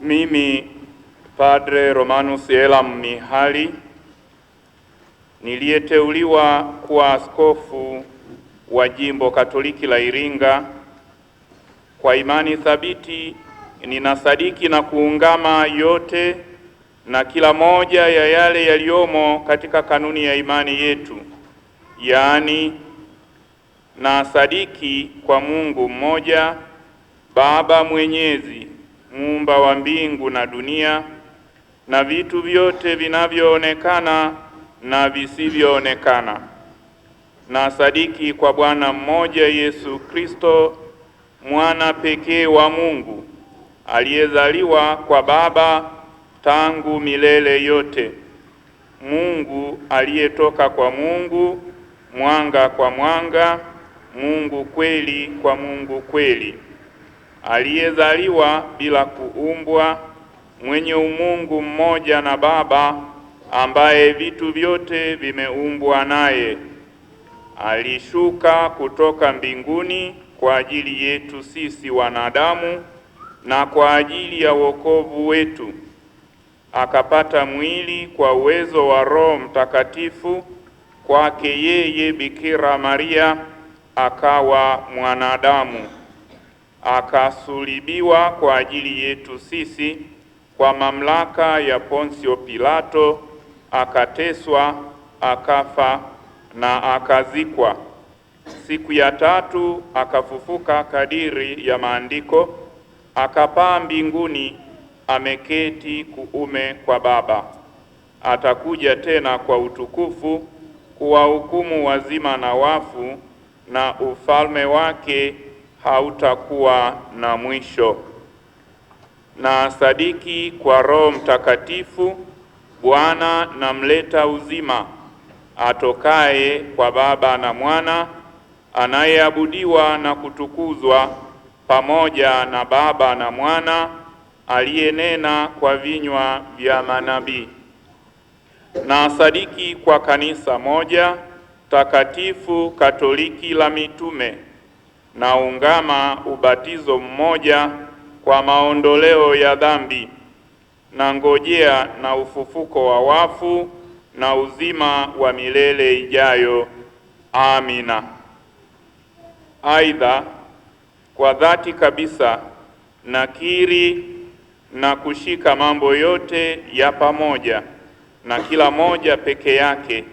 Mimi Padre Romanus Elam Mihali niliyeteuliwa kuwa askofu wa Jimbo Katoliki la Iringa kwa imani thabiti, ninasadiki na kuungama yote na kila moja ya yale yaliyomo katika kanuni ya imani yetu, yaani na sadiki kwa Mungu mmoja Baba mwenyezi muumba wa mbingu na dunia na vitu vyote vinavyoonekana na visivyoonekana, na sadiki kwa Bwana mmoja Yesu Kristo, mwana pekee wa Mungu aliyezaliwa kwa Baba tangu milele yote, Mungu aliyetoka kwa Mungu, mwanga kwa mwanga, Mungu kweli kwa Mungu kweli aliyezaliwa bila kuumbwa, mwenye umungu mmoja na Baba, ambaye vitu vyote vimeumbwa naye, alishuka kutoka mbinguni kwa ajili yetu sisi wanadamu na kwa ajili ya wokovu wetu, akapata mwili kwa uwezo wa Roho Mtakatifu kwake yeye Bikira Maria, akawa mwanadamu akasulibiwa kwa ajili yetu sisi kwa mamlaka ya Ponsio Pilato, akateswa, akafa na akazikwa. Siku ya tatu akafufuka kadiri ya maandiko, akapaa mbinguni, ameketi kuume kwa Baba. Atakuja tena kwa utukufu kuwahukumu wazima na wafu, na ufalme wake hautakuwa na mwisho. Na sadiki kwa Roho Mtakatifu, Bwana na mleta uzima, atokaye kwa Baba na Mwana, anayeabudiwa na kutukuzwa pamoja na Baba na Mwana, aliyenena kwa vinywa vya manabii. Na sadiki kwa kanisa moja takatifu Katoliki la mitume na ungama ubatizo mmoja kwa maondoleo ya dhambi, na ngojea na ufufuko wa wafu na uzima wa milele ijayo. Amina. Aidha, kwa dhati kabisa nakiri na kushika mambo yote ya pamoja na kila moja peke yake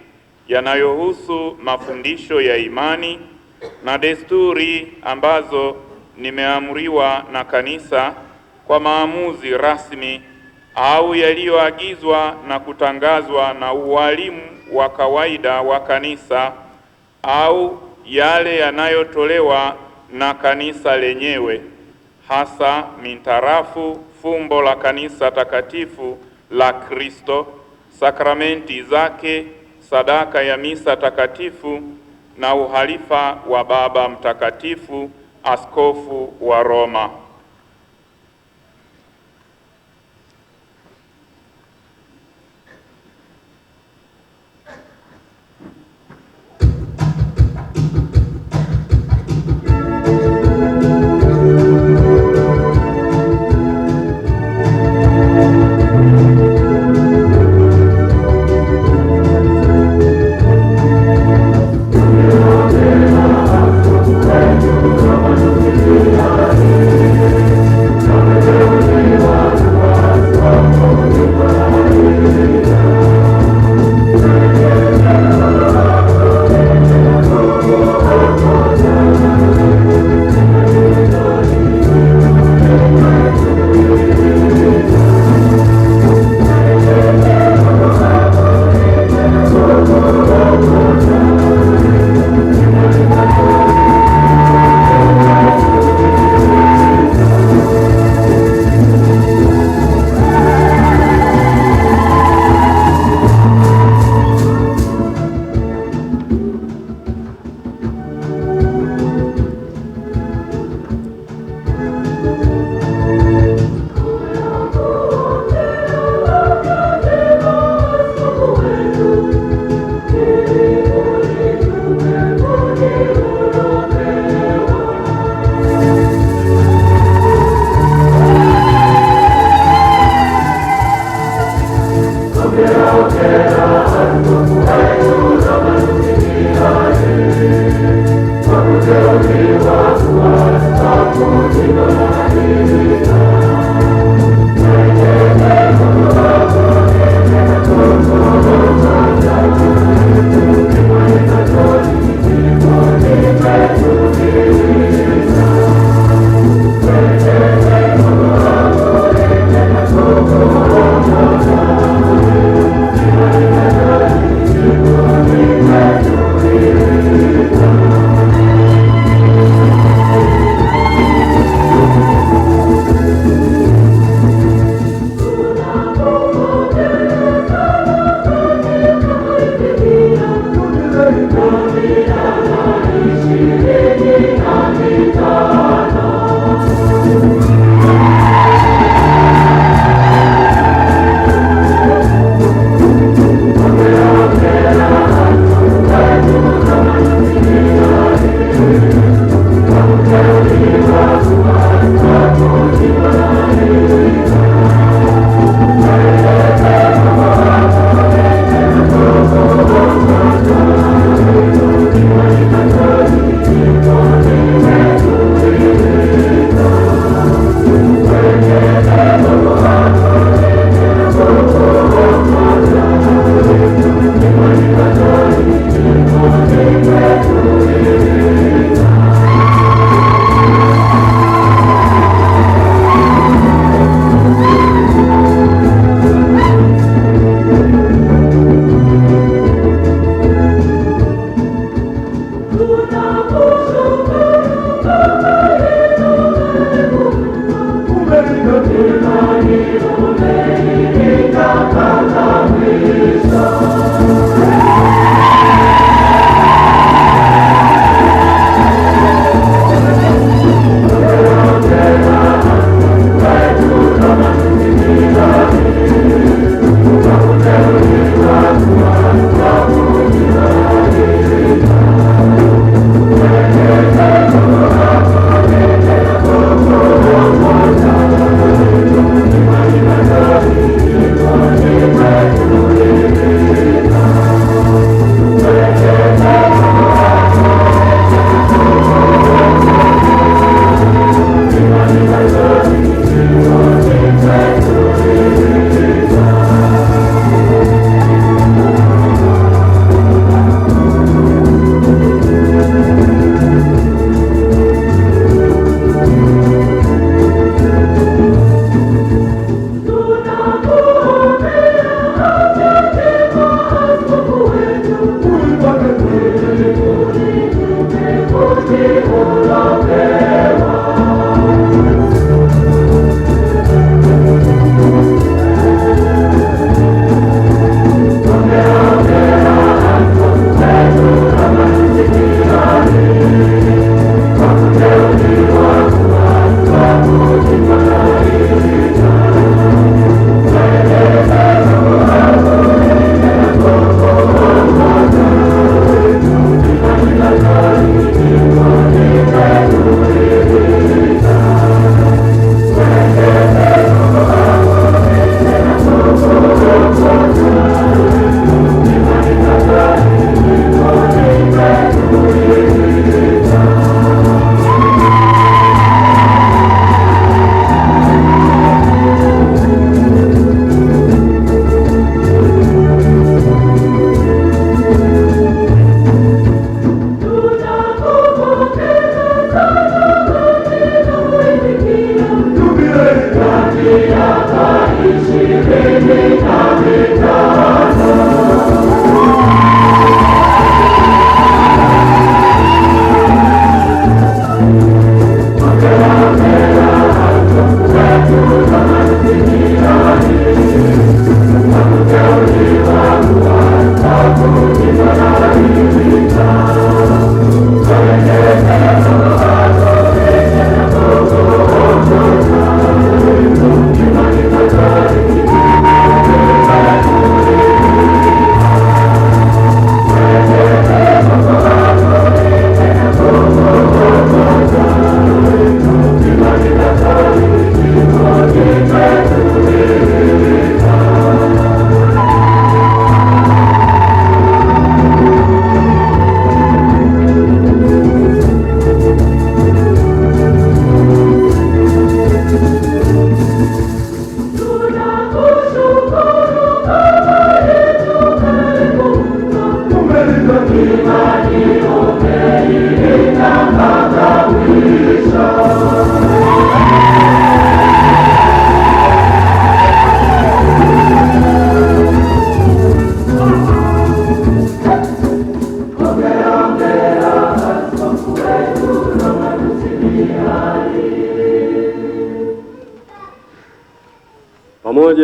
yanayohusu mafundisho ya imani na desturi ambazo nimeamriwa na kanisa kwa maamuzi rasmi au yaliyoagizwa na kutangazwa na ualimu wa kawaida wa kanisa au yale yanayotolewa na kanisa lenyewe hasa mintarafu fumbo la kanisa takatifu la Kristo, sakramenti zake, sadaka ya misa takatifu na uhalifa wa Baba Mtakatifu, askofu wa Roma.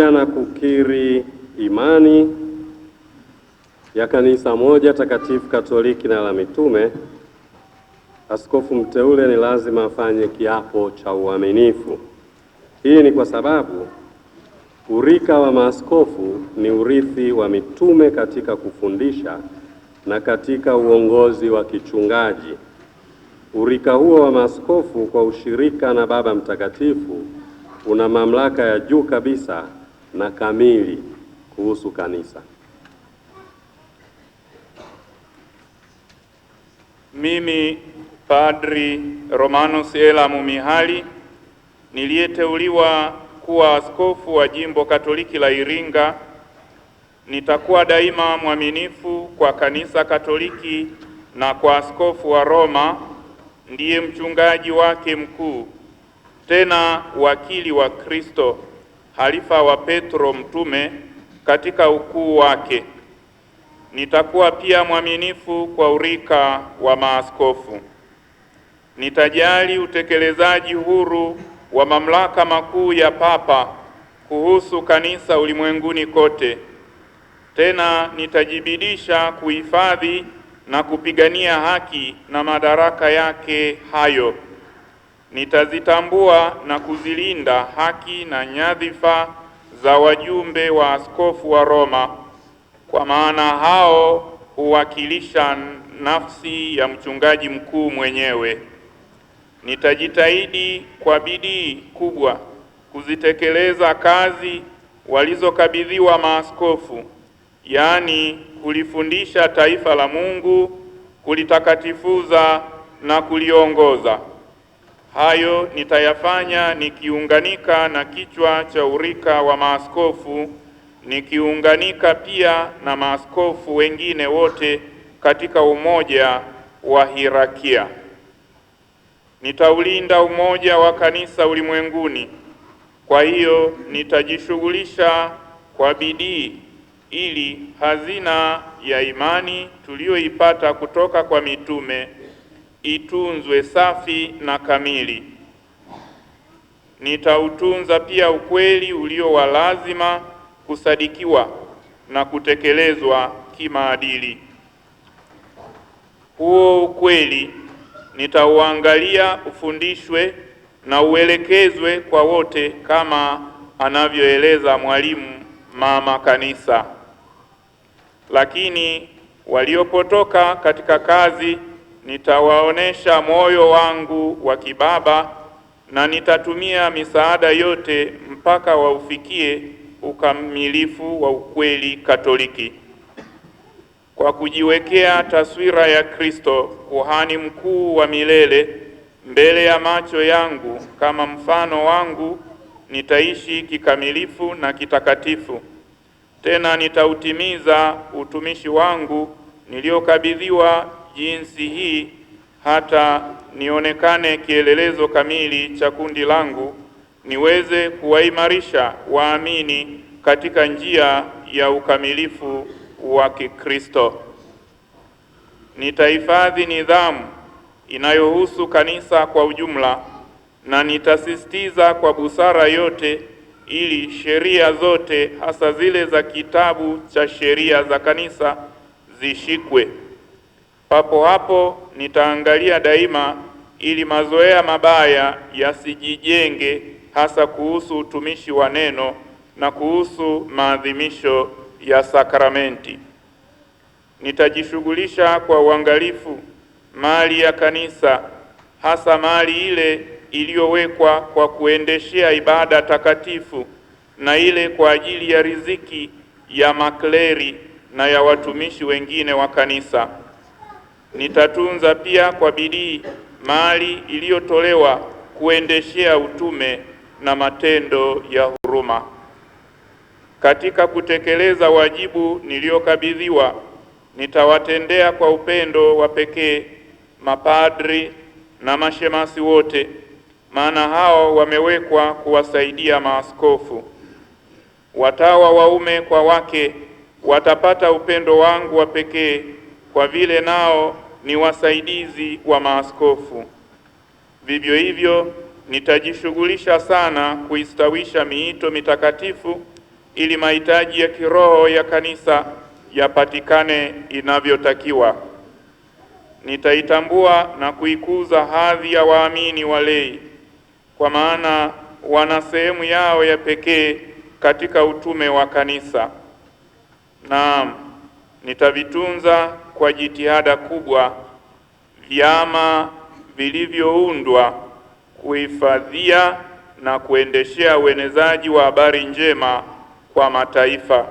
pamoja na kukiri imani ya kanisa moja takatifu Katoliki na la mitume, askofu mteule ni lazima afanye kiapo cha uaminifu. Hii ni kwa sababu urika wa maaskofu ni urithi wa mitume katika kufundisha na katika uongozi wa kichungaji. Urika huo wa maaskofu kwa ushirika na Baba Mtakatifu una mamlaka ya juu kabisa na kamili kuhusu kanisa. Mimi Padri Romanus elamu Mumihali niliyeteuliwa kuwa askofu wa Jimbo Katoliki la Iringa nitakuwa daima mwaminifu kwa kanisa Katoliki na kwa askofu wa Roma ndiye mchungaji wake mkuu, tena wakili wa Kristo halifa wa Petro mtume katika ukuu wake. Nitakuwa pia mwaminifu kwa urika wa maaskofu. Nitajali utekelezaji huru wa mamlaka makuu ya Papa kuhusu kanisa ulimwenguni kote. Tena nitajibidisha kuhifadhi na kupigania haki na madaraka yake hayo nitazitambua na kuzilinda haki na nyadhifa za wajumbe wa askofu wa Roma, kwa maana hao huwakilisha nafsi ya mchungaji mkuu mwenyewe. Nitajitahidi kwa bidii kubwa kuzitekeleza kazi walizokabidhiwa maaskofu, yaani kulifundisha taifa la Mungu, kulitakatifuza na kuliongoza. Hayo nitayafanya nikiunganika na kichwa cha urika wa maaskofu, nikiunganika pia na maaskofu wengine wote katika umoja wa hirakia. Nitaulinda umoja wa kanisa ulimwenguni. Kwa hiyo nitajishughulisha kwa bidii ili hazina ya imani tuliyoipata kutoka kwa mitume itunzwe safi na kamili. Nitautunza pia ukweli ulio wa lazima kusadikiwa na kutekelezwa kimaadili. Huo ukweli nitauangalia ufundishwe na uelekezwe kwa wote, kama anavyoeleza mwalimu mama kanisa. Lakini waliopotoka katika kazi nitawaonesha moyo wangu wa kibaba na nitatumia misaada yote mpaka waufikie ukamilifu wa ukweli Katoliki. Kwa kujiwekea taswira ya Kristo, kuhani mkuu wa milele, mbele ya macho yangu kama mfano wangu, nitaishi kikamilifu na kitakatifu. Tena nitautimiza utumishi wangu niliokabidhiwa jinsi hii hata nionekane kielelezo kamili cha kundi langu, niweze kuwaimarisha waamini katika njia ya ukamilifu wa Kikristo. Nitahifadhi nidhamu inayohusu kanisa kwa ujumla na nitasisitiza kwa busara yote ili sheria zote hasa zile za kitabu cha sheria za kanisa zishikwe. Papo hapo nitaangalia daima ili mazoea mabaya yasijijenge, hasa kuhusu utumishi wa neno na kuhusu maadhimisho ya sakramenti. Nitajishughulisha kwa uangalifu mali ya kanisa, hasa mali ile iliyowekwa kwa kuendeshea ibada takatifu na ile kwa ajili ya riziki ya makleri na ya watumishi wengine wa kanisa nitatunza pia kwa bidii mali iliyotolewa kuendeshea utume na matendo ya huruma. Katika kutekeleza wajibu niliyokabidhiwa, nitawatendea kwa upendo wa pekee mapadri na mashemasi wote, maana hao wamewekwa kuwasaidia maaskofu. Watawa waume kwa wake watapata upendo wangu wa pekee, kwa vile nao ni wasaidizi wa maaskofu. Vivyo hivyo nitajishughulisha sana kuistawisha miito mitakatifu ili mahitaji ya kiroho ya kanisa yapatikane inavyotakiwa. Nitaitambua na kuikuza hadhi ya waamini walei, kwa maana wana sehemu yao ya pekee katika utume wa kanisa. Naam, nitavitunza kwa jitihada kubwa vyama vilivyoundwa kuhifadhia na kuendeshea uenezaji wa habari njema kwa mataifa.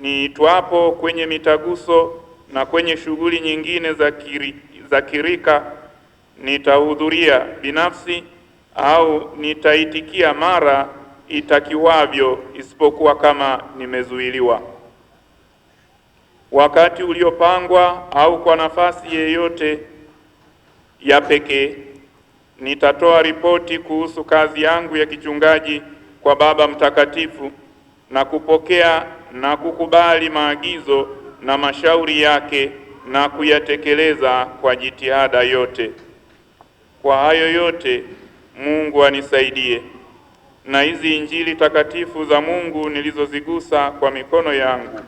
Niitwapo kwenye mitaguso na kwenye shughuli nyingine za, kiri, za kirika nitahudhuria binafsi au nitaitikia mara itakiwavyo, isipokuwa kama nimezuiliwa wakati uliopangwa au kwa nafasi yeyote ya pekee, nitatoa ripoti kuhusu kazi yangu ya kichungaji kwa Baba Mtakatifu na kupokea na kukubali maagizo na mashauri yake na kuyatekeleza kwa jitihada yote. Kwa hayo yote Mungu anisaidie, na hizi Injili takatifu za Mungu nilizozigusa kwa mikono yangu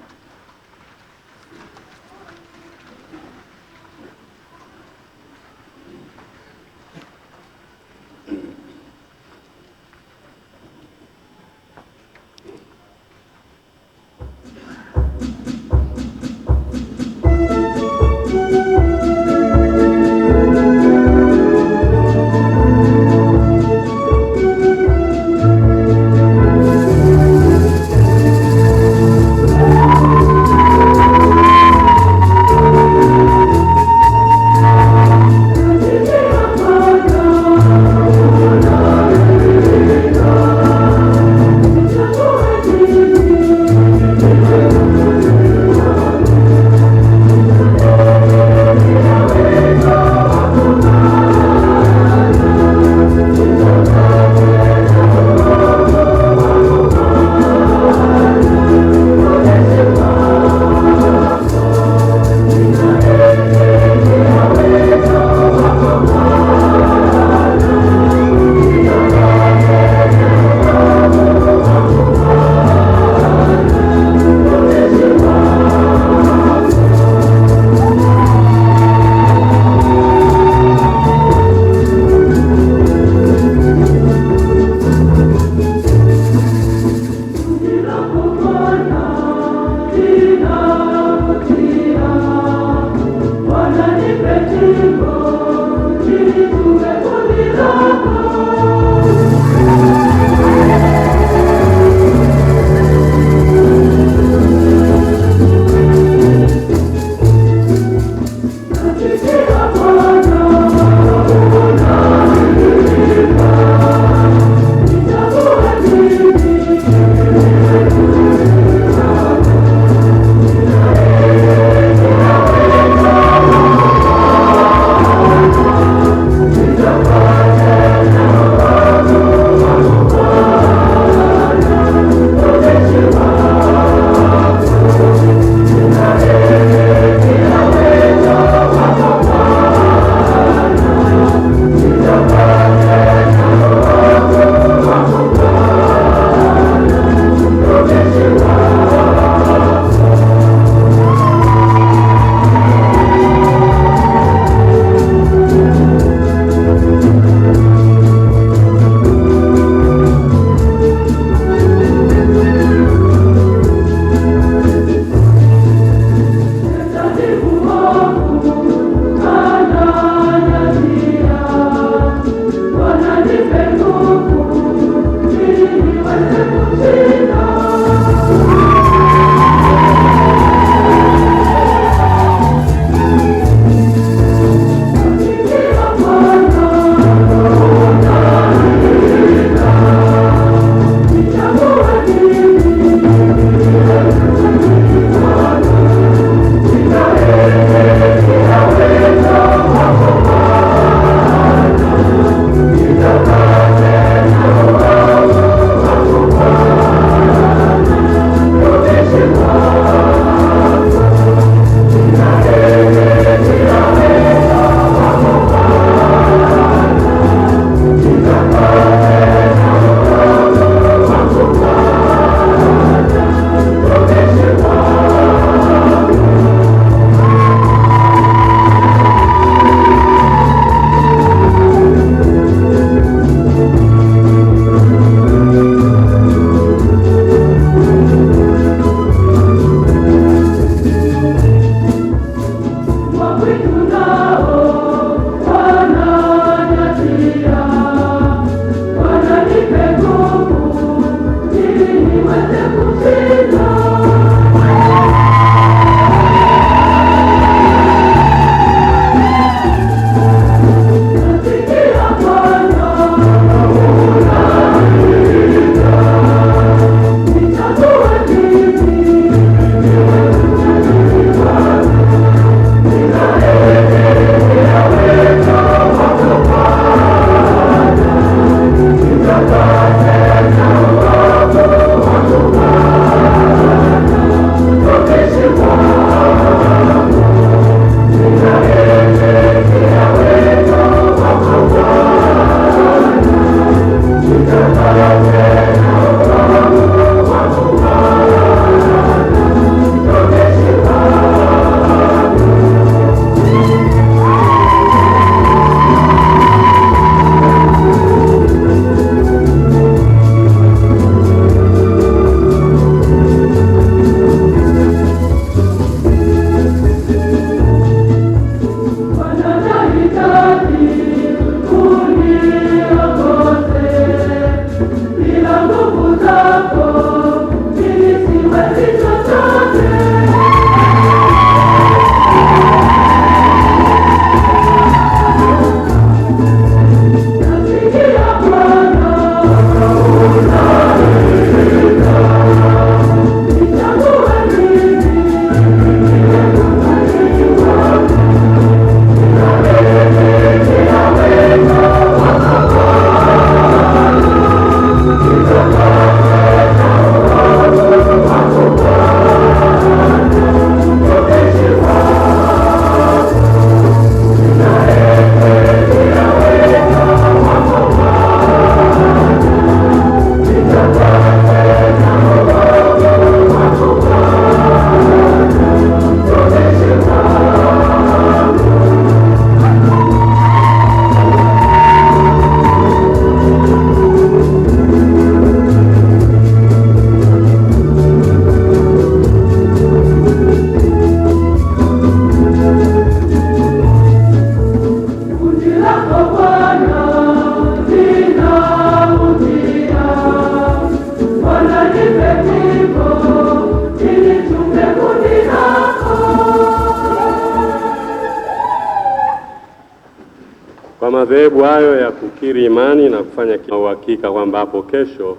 kukiri imani na kufanya uhakika kwamba hapo kesho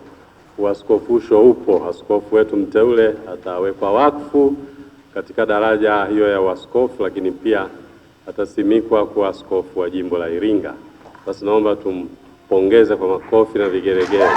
uaskofusho upo. Askofu wetu mteule atawekwa wakfu katika daraja hiyo ya uaskofu, lakini pia atasimikwa kuwa askofu wa jimbo la Iringa. Basi naomba tumpongeze kwa makofi na vigelegele.